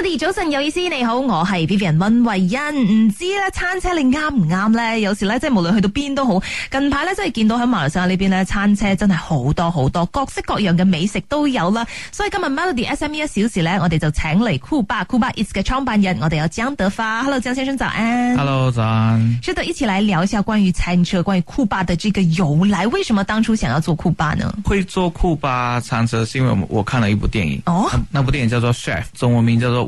我哋早晨，有意思你好，我係 Vivian 温慧欣，唔知咧餐車你啱唔啱咧？有時咧即係無論去到邊都好，近排咧真係見到喺馬來西亞呢邊咧餐車真係好多好多，各式各樣嘅美食都有啦。所以今日《Melody SME》一小時咧，我哋就請嚟酷巴酷巴 Its 嘅創辦人，我哋有江德發。Hello，江先生早安。Hello，早安。今日一起來聊一下關於餐車，關於酷巴嘅這個由來。為什麼當初想要做酷巴呢？會做酷巴餐車，是因為我看了一部電影。哦，oh? 那部電影叫做《Chef》，中文名叫做。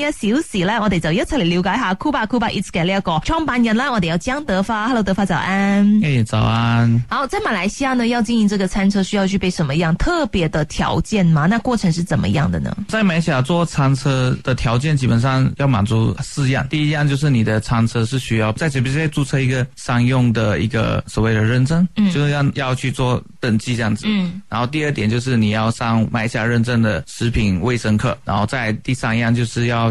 一小時咧，我哋就一齊嚟了解下酷吧 c 吧 Eat 嘅呢一個創辦人啦。我哋有張德發，Hello 德發早安，一、hey, 早安。好，在馬來西亞呢要經營這個餐車，需要具備什麼樣特別的條件嗎？那過程是怎麼樣的呢？在馬來西亞做餐車的條件，基本上要滿足四樣。第一樣就是你的餐車是需要在這邊注冊一個商用的一個所謂的認證，嗯，就要要去做登記這樣子。嗯，然後第二點就是你要上賣下認證的食品衛生課，然後再第三樣就是要。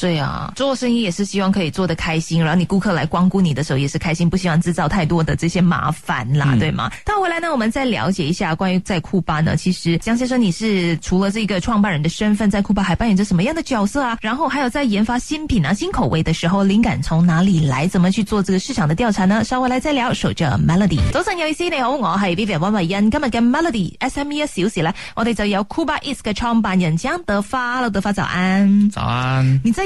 對啊，做生意也是希望可以做得開心，然後你顧客來光顧你的時候也是開心，不希望製造太多的這些麻煩啦，嗯、對嗎？倒回來呢，我們再了解一下關於在庫巴呢，其實江先生你是除了這個創辦人的身份，在庫巴還扮演着什麼樣的角色啊？然後還有在研發新品啊、新口味的時候，靈感從哪裏來？怎麼去做這個市場的調查呢？稍後來再聊。守着 Melody，早上有位些你好，我係 Vivian Yan。今日嘅 Melody SME 一小時咧，我哋就有庫巴 Is 嘅創辦人江德發，Hello，德發早安，早安，你之